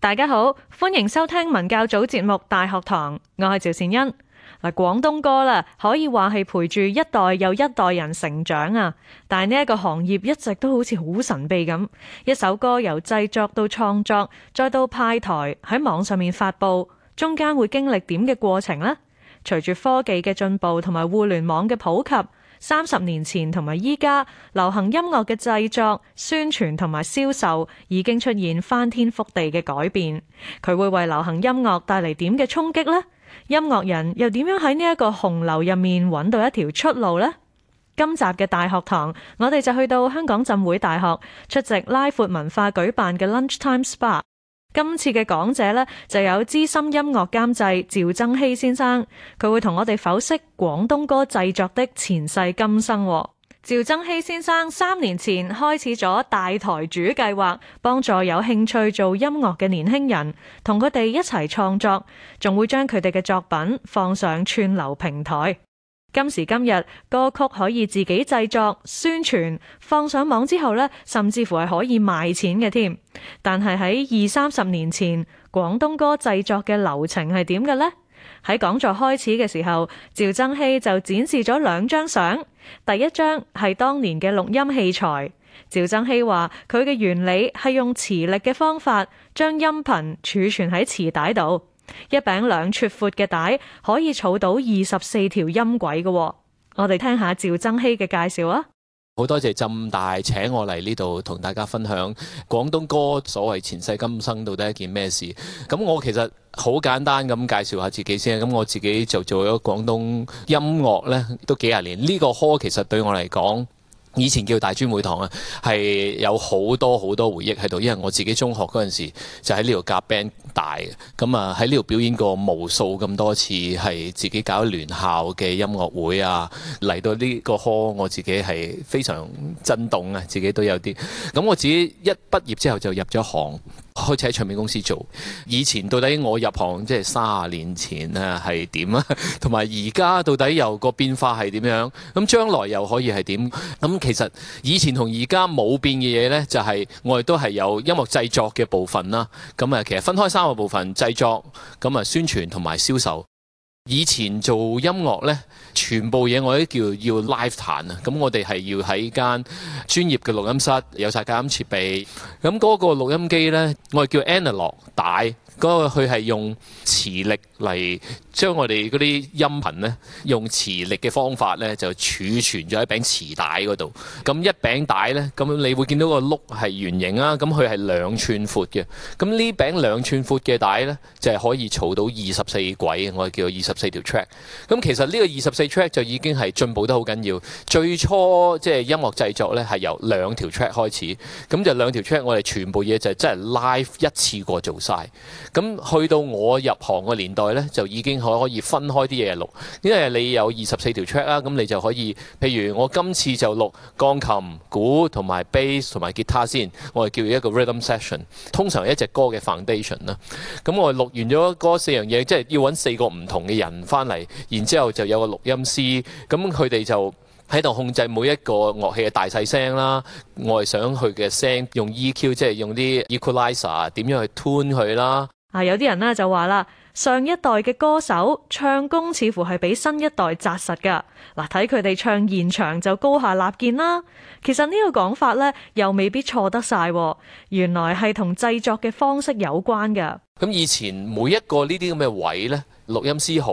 大家好，歡迎收聽文教組節目《大學堂》，我係趙善恩。嗱，廣東歌啦，可以話係陪住一代又一代人成長啊。但係呢一個行業一直都好似好神秘咁，一首歌由製作到創作，再到派台喺網上面發布，中間會經歷點嘅過程呢？隨住科技嘅進步同埋互聯網嘅普及。三十年前同埋依家流行音樂嘅製作、宣傳同埋銷售已經出現翻天覆地嘅改變。佢會為流行音樂帶嚟點嘅衝擊呢？音樂人又點樣喺呢一個洪流入面揾到一條出路呢？今集嘅大學堂，我哋就去到香港浸會大學出席拉闊文化舉辦嘅 Lunchtime Spa。今次嘅講者呢，就有資深音樂監製趙增熹先生，佢會同我哋剖析廣東歌製作的前世今生。趙增熹先生三年前開始咗大台主計劃，幫助有興趣做音樂嘅年輕人，同佢哋一齊創作，仲會將佢哋嘅作品放上串流平台。今時今日，歌曲可以自己製作、宣傳、放上網之後咧，甚至乎係可以賣錢嘅添。但係喺二三十年前，廣東歌製作嘅流程係點嘅呢？喺講座開始嘅時候，趙增熹就展示咗兩張相。第一張係當年嘅錄音器材。趙增熹話佢嘅原理係用磁力嘅方法頻儲，將音頻儲存喺磁帶度。一餅兩寸闊嘅帶可以儲到二十四條音軌，嘅，我哋聽下趙增熙嘅介紹啦。好多謝浸大請我嚟呢度同大家分享廣東歌所謂前世今生到底一件咩事。咁我其實好簡單咁介紹下自己先。咁我自己就做咗廣東音樂呢，都幾廿年，呢、呢個科其實對我嚟講。以前叫大專會堂啊，係有好多好多回憶喺度，因為我自己中學嗰陣時就喺呢度夾 band 大，咁啊喺呢度表演過無數咁多次，係自己搞聯校嘅音樂會啊，嚟到呢個科我自己係非常震動啊，自己都有啲，咁我自己一畢業之後就入咗行。開始喺唱片公司做，以前到底我入行即係三十年前咧係點啊？同埋而家到底有個變化係點樣？咁將來又可以係點？咁其實以前同而家冇變嘅嘢呢，就係我哋都係有音樂製作嘅部分啦。咁啊，其實分開三個部分：製作、咁啊宣傳同埋銷售。以前做音樂咧，全部嘢我都叫要 live 彈啊，咁我哋係要喺間專業嘅錄音室，有晒隔音設備，咁個錄音機咧，我哋叫 analog 帶，嗰個佢係用磁力嚟將我哋啲音頻咧，用磁力嘅方法咧就儲存咗喺柄磁帶度。咁一柄帶咧，咁你會見到個轆係圓形啊，咁佢係兩寸闊嘅。咁呢柄兩寸闊嘅帶咧，就係、是、可以儲到二十四軌，我哋叫做二十。四條 track，咁其實呢個二十四 track 就已經係進步得好緊要。最初即係音樂製作呢，係由兩條 track 開始，咁就兩條 track 我哋全部嘢就真係 live 一次過做晒。咁去到我入行嘅年代呢，就已經可可以分開啲嘢錄，因為你有二十四條 track 啦，咁你就可以，譬如我今次就錄鋼琴、鼓同埋 bass 同埋吉他先，我哋叫一個 rhythm section，通常一隻歌嘅 foundation 啦。咁我錄完咗嗰四樣嘢，即係要揾四個唔同嘅。人翻嚟，然之後就有個錄音師，咁佢哋就喺度控制每一個樂器嘅大細聲啦。我係想佢嘅聲用 EQ，即係用啲 equalizer 點樣去 tune 佢啦。啊，有啲人呢就話啦，上一代嘅歌手唱功似乎係比新一代紮實噶嗱，睇佢哋唱現場就高下立見啦。其實呢個講法呢又未必錯得晒，原來係同製作嘅方式有關嘅。咁以前每一個呢啲咁嘅位呢。錄音師好，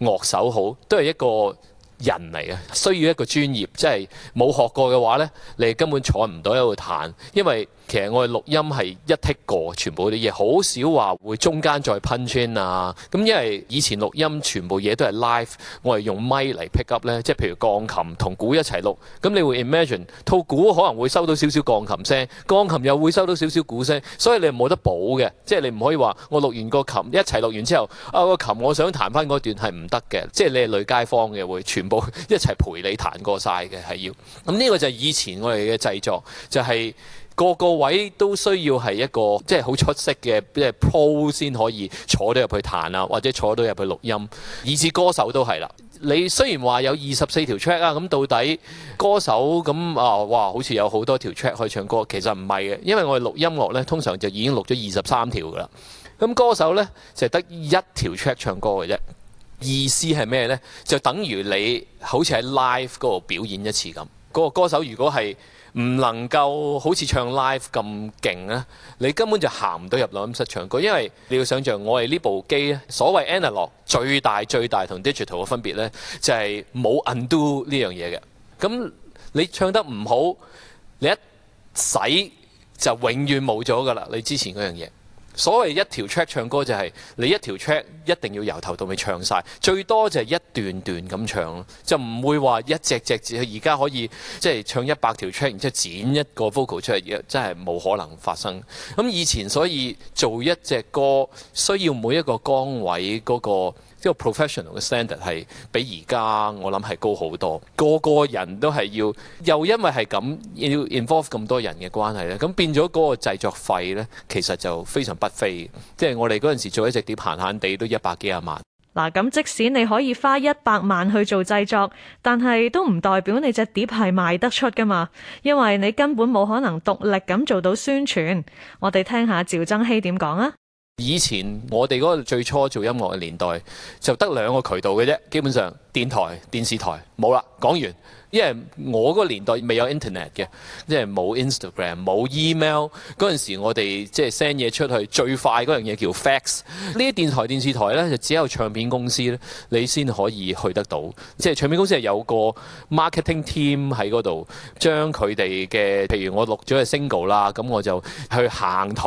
樂手好，都係一個人嚟嘅，需要一個專業，即係冇學過嘅話呢，你根本坐唔到喺度彈，因為。其實我哋錄音係一剔過，全部啲嘢好少話會中間再噴穿啊！咁因為以前錄音全部嘢都係 live，我哋用咪嚟 pick up 咧，即係譬如鋼琴同鼓一齊錄，咁你會 imagine 套鼓可能會收到少少鋼琴聲，鋼琴又會收到少少鼓聲，所以你冇得補嘅，即係你唔可以話我錄完個琴一齊錄完之後啊，個琴我想彈翻嗰段係唔得嘅，即係你係累街坊嘅會全部一齊陪你彈過晒嘅係要。咁呢個就係以前我哋嘅製作，就係。個個位都需要係一個即係好出色嘅即係 pro 先可以坐到入去彈啊，或者坐到入去錄音。以至歌手都係啦。你雖然話有二十四條 track 啊，咁到底歌手咁啊哇，好似有好多條 track 可以唱歌，其實唔係嘅，因為我哋錄音樂呢，通常就已經錄咗二十三條噶啦。咁歌手呢，就係得一條 track 唱歌嘅啫。意思係咩呢？就等於你好似喺 live 嗰度表演一次咁。嗰、那個歌手如果係唔能夠好似唱 live 咁勁啊，你根本就行唔到入錄音室唱歌，因為你要想象，我係呢部機咧，所謂 analog 最大最大同 digital 嘅分別咧，就係冇 undo 呢樣嘢嘅。咁你唱得唔好，你一洗就永遠冇咗㗎啦，你之前樣嘢。所謂一條 track 唱歌就係、是、你一條 track 一定要由頭到尾唱晒，最多就係一段段咁唱咯，就唔會話一隻隻字，而家可以即係唱一百條 track，然之後剪一個 vocal 出嚟，真係冇可能發生。咁以前所以做一隻歌需要每一個崗位嗰、那個。即係 professional 嘅 standard 係比而家我諗係高好多，個個人都係要，又因為係咁要 involve 咁多人嘅關係咧，咁變咗嗰個製作費咧，其實就非常不菲。即係我哋嗰陣時做一隻碟閒閒地都一百幾廿萬。嗱，咁即使你可以花一百萬去做製作，但係都唔代表你隻碟係賣得出㗎嘛，因為你根本冇可能獨立咁做到宣傳。我哋聽下趙增熹點講啊！以前我哋嗰個最初做音樂嘅年代，就得兩個渠道嘅啫，基本上。電台、電視台冇啦，講完，因為我嗰個年代未有 internet 嘅，即係冇 Instagram、冇 email 嗰陣時，我哋即係 send 嘢出去最快嗰樣嘢叫 fax。呢啲電台、電視台呢，就只有唱片公司呢，你先可以去得到。即係唱片公司有個 marketing team 喺嗰度，將佢哋嘅，譬如我錄咗個 single 啦，咁我就去行台。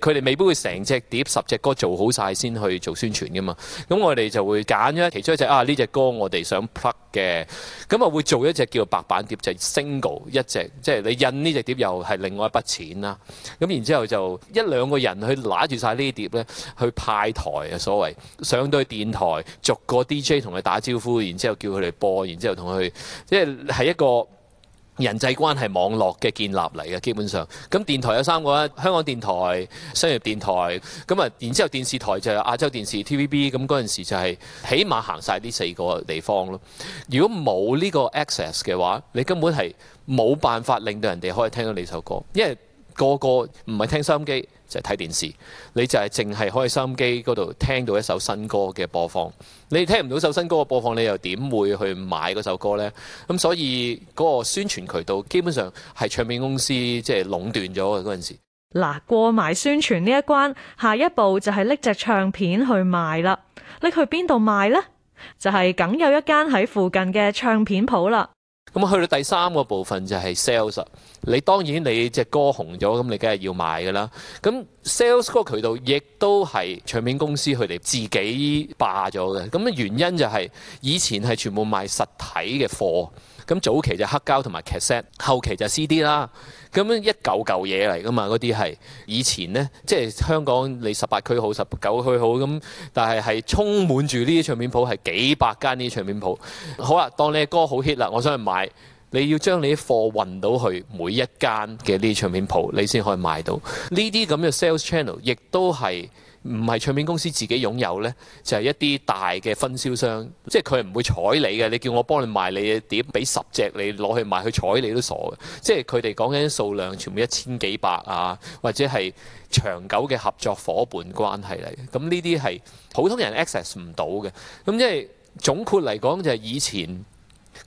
佢哋未必會成隻碟十隻歌做好晒先去做宣傳㗎嘛。咁我哋就會揀咗其中一隻啊，呢隻歌我地想 plug 嘅，咁啊會做一隻叫白板碟，就 single 一隻，即係你印呢隻碟又係另外一筆錢啦。咁然之後就一兩個人去拿住晒呢啲碟咧，去派台啊，所謂上到去電台，逐個 DJ 同佢打招呼，然之後叫佢哋播，然之後同佢即係係一個。人際關係網絡嘅建立嚟嘅，基本上咁、嗯、電台有三個啦，香港電台、商業電台，咁、嗯、啊，然之後電視台就有亞洲電視 TVB，咁、嗯、嗰陣時就係起碼行晒呢四個地方咯。如果冇呢個 access 嘅話，你根本係冇辦法令到人哋可以聽到你首歌，因為。個個唔係聽收音機就係睇電視，你就係淨係可以收音機嗰度聽到一首新歌嘅播放，你聽唔到首新歌嘅播放，你又點會去買嗰首歌呢？咁所以嗰個宣傳渠道基本上係唱片公司即係壟斷咗嗰陣時。嗱，過埋宣傳呢一關，下一步就係拎隻唱片去賣啦。拎去邊度賣呢？就係梗有一間喺附近嘅唱片鋪啦。咁去到第三個部分就係 sales，你當然你隻歌紅咗，咁你梗係要賣㗎啦。咁 sales 嗰個渠道亦都係唱片公司佢哋自己霸咗嘅。咁原因就係以前係全部賣實體嘅貨，咁早期就黑膠同埋 cassette，後期就 CD 啦。咁樣一舊舊嘢嚟㗎嘛？嗰啲係以前呢，即係香港你十八區好、十九區好咁，但係係充滿住呢啲唱片鋪，係幾百間呢啲唱片鋪。好啦，當你嘅歌好 hit 啦，我想去買，你要將你啲貨運到去每一間嘅呢啲唱片鋪，你先可以買到。呢啲咁嘅 sales channel 亦都係。唔係唱片公司自己擁有呢，就係、是、一啲大嘅分銷商，即係佢唔會睬你嘅。你叫我幫你賣你嘅碟，俾十隻你攞去賣，佢睬你都傻嘅。即係佢哋講緊數量，全部一千幾百啊，或者係長久嘅合作伙伴關係嚟。咁呢啲係普通人 access 唔到嘅。咁即係總括嚟講，就係以前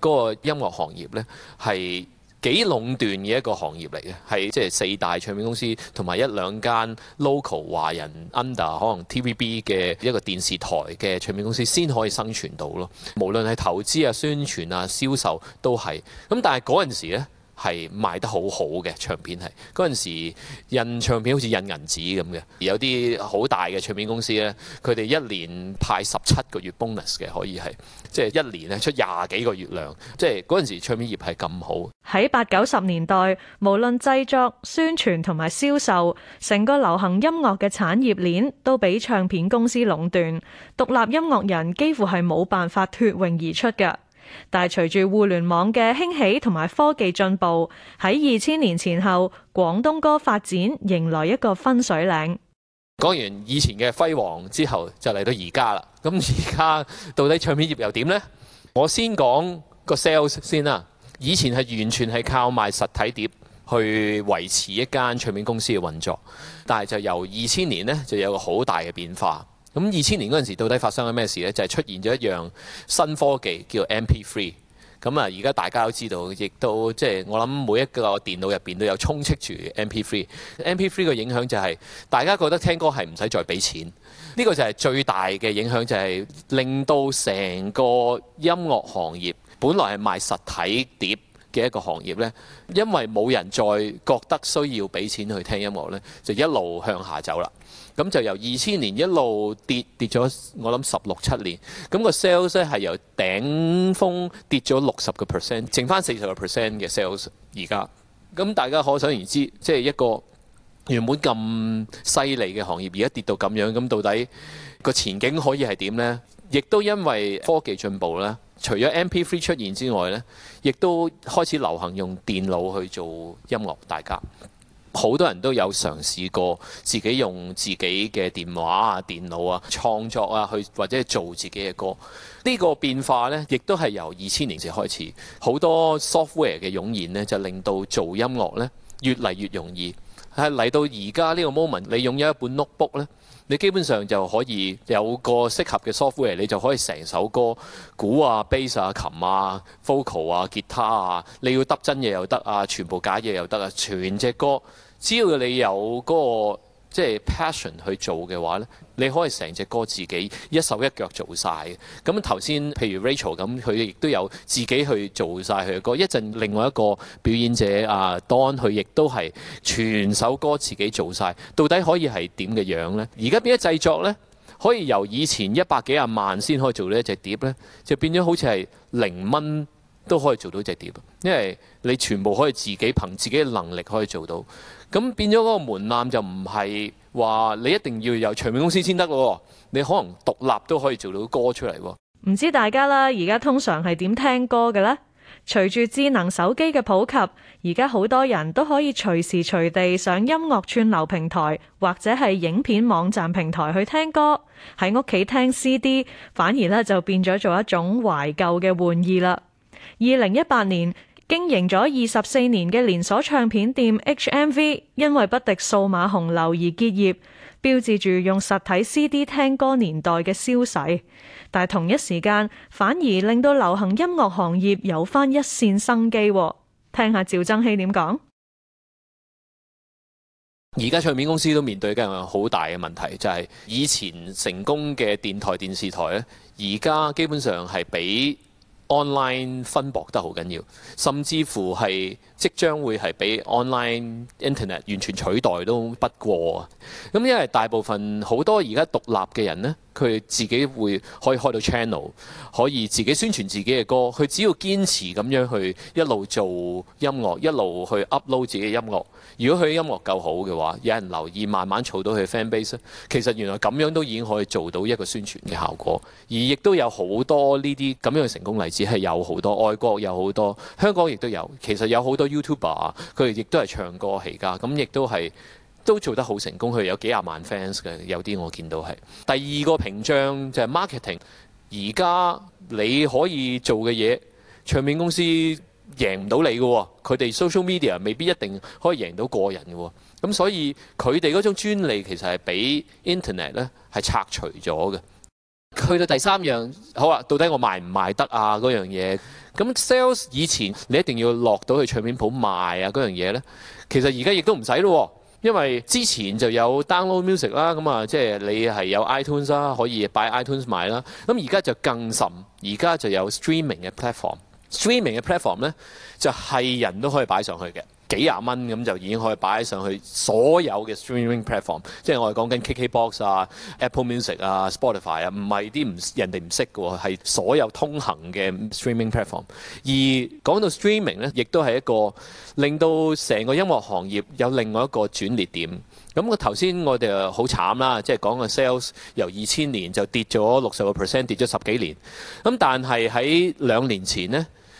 嗰個音樂行業呢係。幾壟斷嘅一個行業嚟嘅，係即係四大唱片公司同埋一兩間 local 華人 under 可能 TVB 嘅一個電視台嘅唱片公司先可以生存到咯。無論係投資啊、宣傳啊、銷售都係咁，但係嗰陣時呢。係賣得好好嘅唱片係，嗰陣時印唱片好似印銀紙咁嘅，而有啲好大嘅唱片公司咧，佢哋一年派十七個月 bonus 嘅，可以係即係一年咧出廿幾個月糧，即係嗰陣時唱片業係咁好。喺八九十年代，無論製作、宣傳同埋銷售，成個流行音樂嘅產業鏈都俾唱片公司壟斷，獨立音樂人幾乎係冇辦法脫穎而出嘅。但係隨住互聯網嘅興起同埋科技進步，喺二千年前後，廣東歌發展迎來一個分水嶺。講完以前嘅輝煌之後就，就嚟到而家啦。咁而家到底唱片業又點呢？我先講個 sales 先啦。以前係完全係靠賣實體碟去維持一間唱片公司嘅運作，但係就由二千年呢就有個好大嘅變化。咁二千年嗰陣時，到底發生咗咩事呢？就係出現咗一樣新科技叫 MP3。咁啊，而家大家都知道，亦都即係我諗每一個電腦入邊都有充斥住 MP3。MP3 嘅影響就係大家覺得聽歌係唔使再俾錢。呢個就係最大嘅影響，就係令到成個音樂行業本來係賣實體碟嘅一個行業呢，因為冇人再覺得需要俾錢去聽音樂呢，就一路向下走啦。咁就由二千年一路跌跌咗，我諗十六七年。咁、那個 sales 咧係由頂峰跌咗六十個 percent，剩翻四十個 percent 嘅 sales 而家。咁大家可想而知，即係一個原本咁犀利嘅行業，而家跌到咁樣，咁到底個前景可以係點呢？亦都因為科技進步啦，除咗 MP3 出現之外咧，亦都開始流行用電腦去做音樂，大家。好多人都有嘗試過自己用自己嘅電話啊、電腦啊創作啊，去或者做自己嘅歌。呢、呢個變化呢，亦都係由二千年前開始，好多 software 嘅湧現呢，就令到做音樂呢越嚟越容易。係嚟到而家呢個 moment，你擁有一本 notebook 呢。你基本上就可以有個適合嘅 software，你就可以成首歌鼓啊、bass 啊、琴啊、vocal 啊、吉他啊，你要得真嘢又得啊，全部假嘢又得啊，全隻歌只要你有嗰、那個。即係 passion 去做嘅話呢，你可以成隻歌自己一手一腳做晒。咁頭先譬如 Rachel 咁，佢亦都有自己去做晒佢嘅歌。一陣另外一個表演者啊，Don 佢亦都係全首歌自己做晒。到底可以係點嘅樣呢？而家變咗製作呢，可以由以前一百幾廿萬先可以做呢一隻碟呢，就變咗好似係零蚊。都可以做到隻碟，因為你全部可以自己憑自己嘅能力可以做到。咁變咗嗰個門檻就唔係話你一定要由唱片公司先得咯，你可能獨立都可以做到歌出嚟。唔知大家啦，而家通常係點聽歌嘅咧？隨住智能手機嘅普及，而家好多人都可以隨時隨地上音樂串流平台或者係影片網站平台去聽歌，喺屋企聽 CD，反而咧就變咗做一種懷舊嘅玩意啦。二零一八年，經營咗二十四年嘅連鎖唱片店 H M V，因為不敵數碼洪流而結業，標誌住用實體 C D 聽歌年代嘅消逝。但係同一時間，反而令到流行音樂行業有翻一線生機。聽下趙增熙點講？而家唱片公司都面對緊好大嘅問題，就係、是、以前成功嘅電台、電視台咧，而家基本上係比。online 分薄得好緊要，甚至乎係即將會係畀 online internet 完全取代都不過。咁因為大部分好多而家獨立嘅人呢，佢自己會可以開到 channel，可以自己宣傳自己嘅歌。佢只要堅持咁樣去一路做音樂，一路去 upload 自己嘅音樂。如果佢音樂夠好嘅話，有人留意，慢慢儲到佢 fan base，其實原來咁樣都已經可以做到一個宣傳嘅效果。而亦都有好多呢啲咁樣嘅成功例子係有好多，外國有好多，香港亦都有。其實有好多 YouTuber 佢哋亦都係唱歌起家，咁亦都係都做得好成功，佢有幾廿萬 fans 嘅。有啲我見到係第二個屏障就係 marketing。而家你可以做嘅嘢，唱片公司。贏唔到你嘅喎、哦，佢哋 social media 未必一定可以贏到個人嘅喎、哦，咁所以佢哋嗰種專利其實係俾 internet 咧係拆除咗嘅。去到第三樣，好啊，到底我賣唔賣得啊嗰樣嘢？咁 sales 以前你一定要落到去唱片鋪賣啊嗰樣嘢咧，其實而家亦都唔使咯，因為之前就有 download music 啦，咁啊即係你係有 iTunes 啦，可以擺 iTunes 賣啦。咁而家就更甚，而家就有 streaming 嘅 platform。Streaming 嘅 platform 呢，就係人都可以擺上去嘅，幾廿蚊咁就已經可以擺上去。所有嘅 streaming platform，即係我哋講緊 KKbox 啊、Apple Music 啊、Spotify 啊，唔係啲唔人哋唔識嘅喎，係所有通行嘅 streaming platform。而講到 streaming 呢，亦都係一個令到成個音樂行業有另外一個轉捩點。咁、嗯、我頭先我哋好慘啦，即係講個 sales 由二千年就跌咗六十個 percent，跌咗十幾年。咁、嗯、但係喺兩年前呢。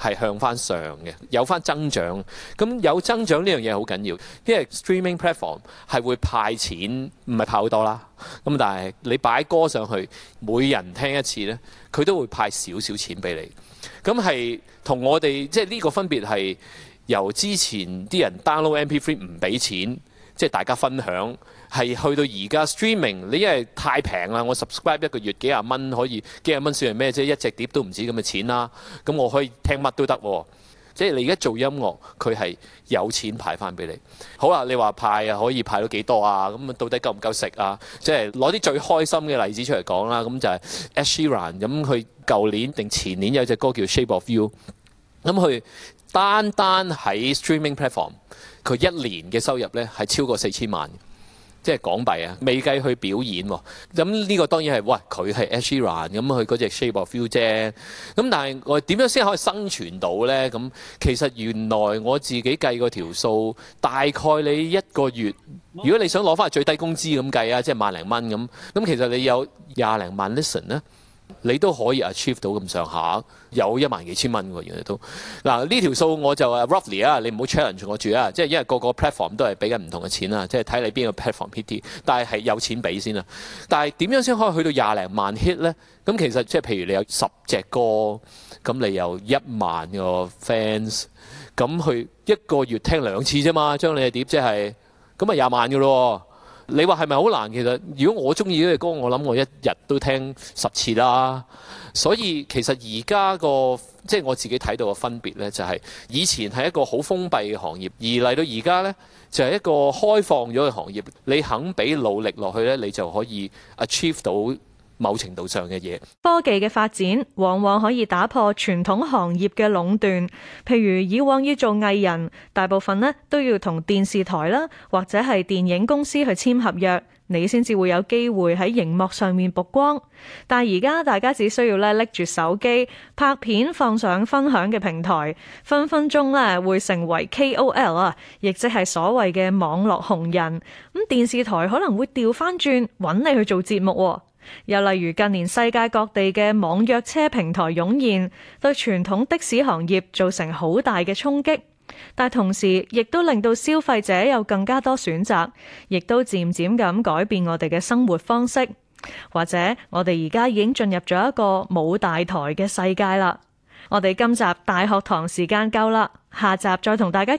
係向翻上嘅，有翻增長。咁有增長呢樣嘢好緊要，因為 streaming platform 係會派錢，唔係派好多啦。咁但係你擺歌上去，每人聽一次呢，佢都會派少少錢俾你。咁係同我哋即係呢個分別係由之前啲人 download MP3 唔俾錢，即係大家分享。係去到而家 streaming，你因為太平啦，我 subscribe 一個月幾廿蚊可以幾廿蚊算係咩啫？一隻碟都唔止咁嘅錢啦。咁我可以聽乜都得喎、啊，即係你而家做音樂，佢係有錢派翻俾你。好啊，你話派啊，可以派到幾多啊？咁到底夠唔夠食啊？即係攞啲最開心嘅例子出嚟講啦、啊。咁就係 Ed Sheeran，咁佢舊年定前年有隻歌叫《Shape of You》，咁佢單單喺 streaming platform，佢一年嘅收入呢係超過四千萬。即係港幣啊，未計去表演喎、啊。咁、嗯、呢、呢個當然係，喂，佢係 Ed Sheeran 咁，佢嗰隻 Shape of You 啫。咁、嗯、但係我點樣先可以生存到呢？咁、嗯、其實原來我自己計個條數，大概你一個月，如果你想攞翻最低工資咁計啊，即係萬零蚊咁。咁、嗯嗯、其實你有廿零萬 listen 呢。你都可以 achieve 到咁上下，有一萬幾千蚊喎，原來都。嗱，呢條數我就啊 roughly 啊，你唔好 challenge 我住啊，即係因為個個 platform 都係俾緊唔同嘅錢啊，即係睇你邊個 platform p t 但係係有錢俾先啊。但係點樣先可以去到廿零萬 hit 呢？咁其實即係譬如你有十隻歌，咁你有一萬個 fans，咁佢一個月聽兩次啫嘛，將你嘅碟即係咁咪廿萬嘅咯。你話係咪好難？其實，如果我中意呢隻歌，我諗我一日都聽十次啦。所以其實而家個即係我自己睇到嘅分別呢，就係以前係一個好封閉嘅行業，而嚟到而家呢，就係一個開放咗嘅行業。你肯俾努力落去呢，你就可以 achieve 到。某程度上嘅嘢，科技嘅發展往往可以打破傳統行業嘅壟斷，譬如以往要做藝人，大部分咧都要同電視台啦，或者係電影公司去簽合約，你先至會有機會喺熒幕上面曝光。但係而家大家只需要咧拎住手機拍片，放上分享嘅平台，分分鐘咧會成為 KOL 啊，亦即係所謂嘅網絡紅人。咁電視台可能會調翻轉揾你去做節目。又例如近年世界各地嘅網約車平台湧現，對傳統的士行業造成好大嘅衝擊，但同時亦都令到消費者有更加多選擇，亦都漸漸咁改變我哋嘅生活方式，或者我哋而家已經進入咗一個冇大台嘅世界啦。我哋今集大學堂時間夠啦，下集再同大家。